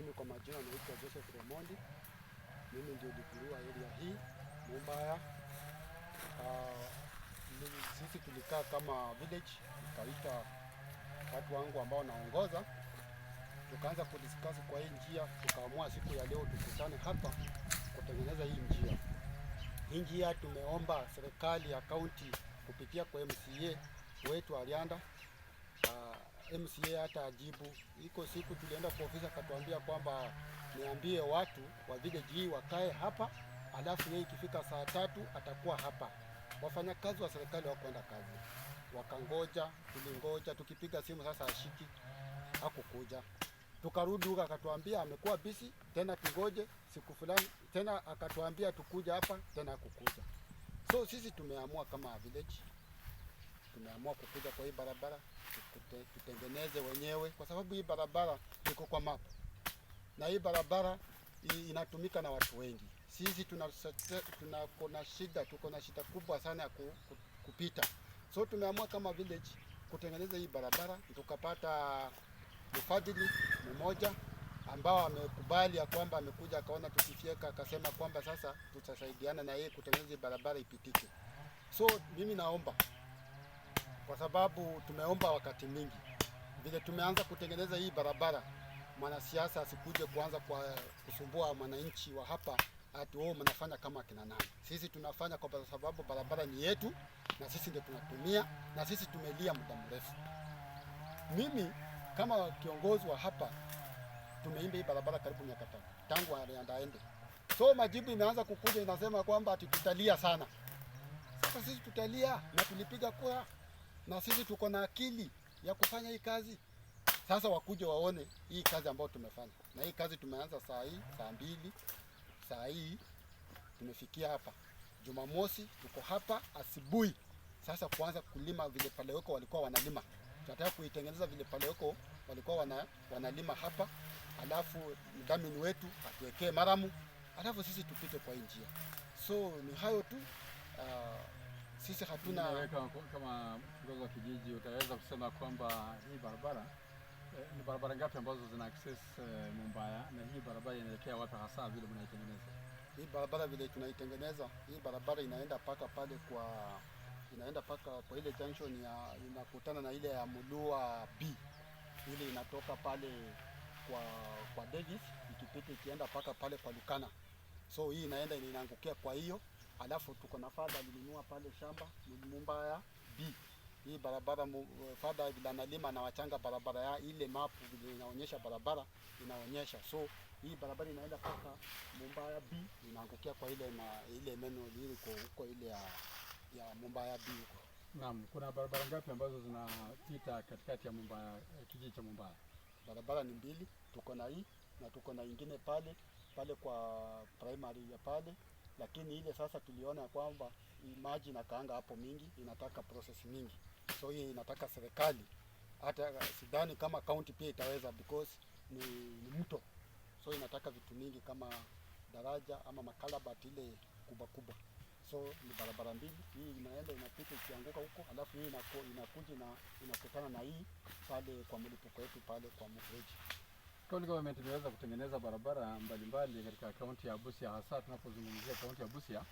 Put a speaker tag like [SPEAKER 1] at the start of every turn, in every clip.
[SPEAKER 1] Mimi kwa majina naitwa Joseph Remondi, mimi ndio dikuru area hii Mumbaya. Uh, sisi tulikaa kama village, tukaita watu wangu ambao naongoza, tukaanza kudiskasi kwa hii njia, tukaamua siku ya leo tukutane hapa kutengeneza hii njia. Hii njia tumeomba serikali ya kaunti kupitia kwa MCA wetu Arianda, uh, ah, MCA hata ajibu. Iko siku tulienda kwa ofisi akatuambia kwamba niambie watu wa village wakae hapa, alafu yeye ikifika saa tatu atakuwa hapa. Wafanyakazi wa serikali hawakwenda kazi, wakangoja, tulingoja, tukipiga simu sasa ashiki, hakukuja. Tukarudi huko akatuambia amekuwa bisi tena tungoje siku fulani tena, akatuambia tukuja hapa tena, hakukuja. So sisi tumeamua kama village tumeamua kukuja kwa hii barabara tute, tutengeneze wenyewe, kwa sababu hii barabara iko kwa mapa na hii barabara inatumika na watu wengi. Sisi tunako na shida tuko na shida kubwa sana ya ku, ku, kupita, so tumeamua kama village kutengeneza hii barabara. Tukapata mfadhili mmoja ambao amekubali ya kwamba amekuja akaona tukifyeka, akasema kwamba sasa tutasaidiana na yeye kutengeneza hii barabara ipitike. So mimi naomba kwa sababu tumeomba wakati mingi. Vile tumeanza kutengeneza hii barabara, mwanasiasa asikuje kuanza kwa kusumbua mwananchi wa hapa ati wao mnafanya kama kina nani. Sisi tunafanya kwa sababu barabara ni yetu na sisi ndio tunatumia na sisi tumelia muda mrefu. Mimi kama kiongozi wa hapa tumeimba hii barabara karibu miaka tano tangu aliandaende. So majibu imeanza kukuja inasema kwamba tutalia sana. Sasa sisi tutalia na tulipiga kura na sisi tuko na akili ya kufanya hii kazi. Sasa wakuje waone hii kazi ambayo tumefanya, na hii kazi tumeanza saa hii saa mbili, saa hii tumefikia hapa. Jumamosi tuko hapa asubuhi, sasa kuanza kulima vile huko walikuwa wanalima. Tunataka kuitengeneza vile huko walikuwa wana, wanalima hapa, alafu mdhamini wetu atuwekee maramu, alafu sisi tupite kwa hii njia. So ni hayo tu. Uh, sisi hatuna
[SPEAKER 2] kama kidogo wa kijiji, utaweza kusema kwamba hii barabara eh, ni barabara ngapi ambazo zina access eh, Mumbaya eh? na hii barabara inaelekea wapi hasa vile mnaitengeneza
[SPEAKER 1] hii barabara? Vile tunaitengeneza hii barabara inaenda paka pale kwa inaenda paka kwa ile junction ya inakutana na ile ya Mulua B, ile inatoka pale kwa kwa Davis ikipita ikienda paka pale kwa Lukana, so hii inaenda inaangukia kwa hiyo alafu tuko na fadha alinunua pale shamba Mumbaya B hii barabara fadha analima na wachanga barabara ya ile mapu vile inaonyesha barabara inaonyesha, so hii barabara inaenda paka Mumbaya B inaangukia kwa ile ma, ile meno kwa huko ile ya, ya Mumbaya B huko.
[SPEAKER 2] Naam, kuna barabara ngapi ambazo zinapita katikati ya Mumbaya eh, kijiji cha Mumbaya?
[SPEAKER 1] Barabara ni mbili, tuko na hii na tuko na ingine pale pale kwa primary ya pale, lakini ile sasa tuliona kwamba maji inakaanga hapo mingi, inataka process mingi So hii inataka serikali, hata sidhani kama kaunti pia itaweza because ni, ni mto, so inataka vitu mingi kama daraja ama makalabati ile kubwa kubwa. So ni barabara mbili, hii inaenda inapita ikianguka huko, alafu hii inakuja na inakutana na hii pale kwa mlipuko wetu pale kwa mfereji.
[SPEAKER 2] County government imeweza kutengeneza barabara mbalimbali katika kaunti ya Busia, hasa tunapozungumzia kaunti ya Busia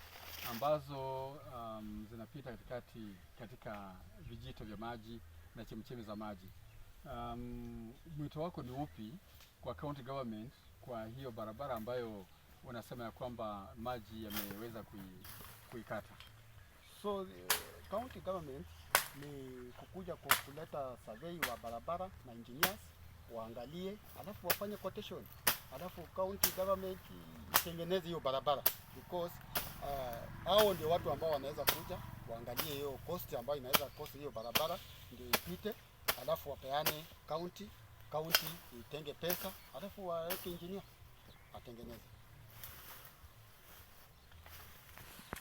[SPEAKER 2] ambazo um, zinapita katikati katika vijito vya maji na chemchemi za maji. Um, mwito wako ni upi kwa county government kwa hiyo barabara ambayo unasema ya kwamba maji yameweza kuikata?
[SPEAKER 1] So the eh, county government ni kukuja kwa kuleta survey wa barabara na engineers waangalie, alafu wafanye quotation, alafu county government itengeneze hiyo barabara because Ah, hao ndio watu ambao wanaweza kuja waangalie hiyo cost ambayo inaweza kosti hiyo barabara ndio ipite, alafu wapeane county, county itenge pesa, alafu waweke engineer atengeneze.